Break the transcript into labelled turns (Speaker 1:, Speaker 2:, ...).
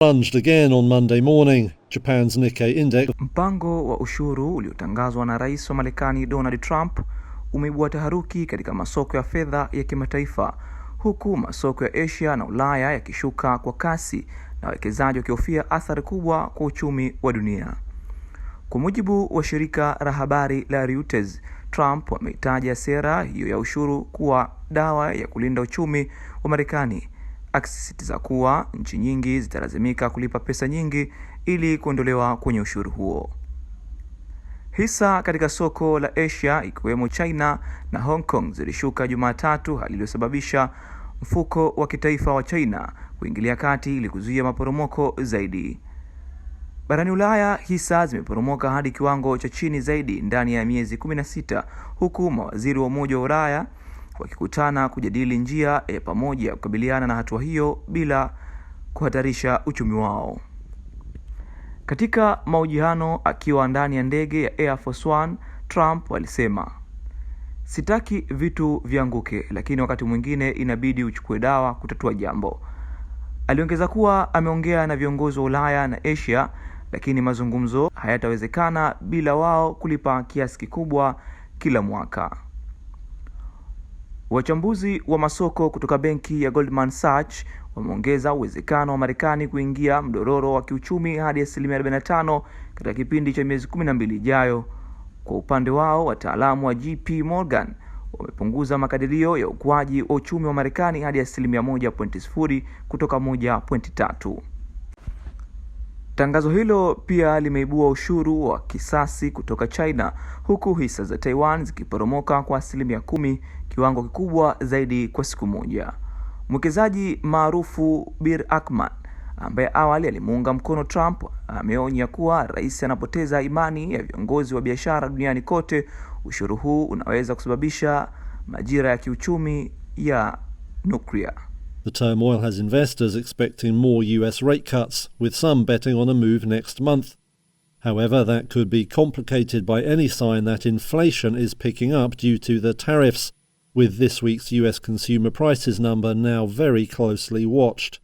Speaker 1: plunged again on Monday morning, Japan's Nikkei index.
Speaker 2: Mpango wa ushuru uliotangazwa na Rais wa Marekani Donald Trump umeibua taharuki katika masoko ya fedha ya kimataifa, huku masoko ya Asia na Ulaya yakishuka kwa kasi na wawekezaji wakihofia athari kubwa kwa uchumi wa dunia. Kwa mujibu wa shirika la habari la Reuters, Trump ameitaja sera hiyo ya ushuru kuwa dawa ya kulinda uchumi wa Marekani akisisitiza kuwa nchi nyingi zitalazimika kulipa pesa nyingi ili kuondolewa kwenye ushuru huo. Hisa katika soko la Asia ikiwemo China na Hong Kong zilishuka Jumatatu, hali iliyosababisha mfuko wa kitaifa wa China kuingilia kati ili kuzuia maporomoko zaidi. Barani Ulaya, hisa zimeporomoka hadi kiwango cha chini zaidi ndani ya miezi 16 huku mawaziri wa Umoja wa Ulaya wakikutana kujadili njia ya pamoja ya kukabiliana na hatua hiyo bila kuhatarisha uchumi wao. Katika mahojiano akiwa ndani ya ndege ya Air Force One, Trump alisema, sitaki vitu vianguke, lakini wakati mwingine inabidi uchukue dawa kutatua jambo. Aliongeza kuwa ameongea na viongozi wa Ulaya na Asia, lakini mazungumzo hayatawezekana bila wao kulipa kiasi kikubwa kila mwaka. Wachambuzi wa masoko kutoka benki ya Goldman Sachs wameongeza uwezekano wa Marekani kuingia mdororo wa kiuchumi hadi asilimia 45 katika kipindi cha miezi 12 ijayo. Kwa upande wao, wataalamu wa JP Morgan wamepunguza makadirio ya ukuaji wa uchumi wa Marekani hadi asilimia 1.0 kutoka 1.3. Tangazo hilo pia limeibua ushuru wa kisasi kutoka China huku hisa za Taiwan zikiporomoka kwa asilimia kumi, kiwango kikubwa zaidi kwa siku moja. Mwekezaji maarufu Bir Ackman ambaye awali alimuunga mkono Trump ameonya kuwa rais anapoteza imani ya viongozi wa biashara duniani kote, ushuru huu unaweza kusababisha majira ya kiuchumi ya nuklia.
Speaker 1: The turmoil has investors expecting more US rate cuts, with some betting on a move next month. However, that could be complicated by any sign that inflation is picking up due to the tariffs, with this week's US consumer prices number now very closely watched.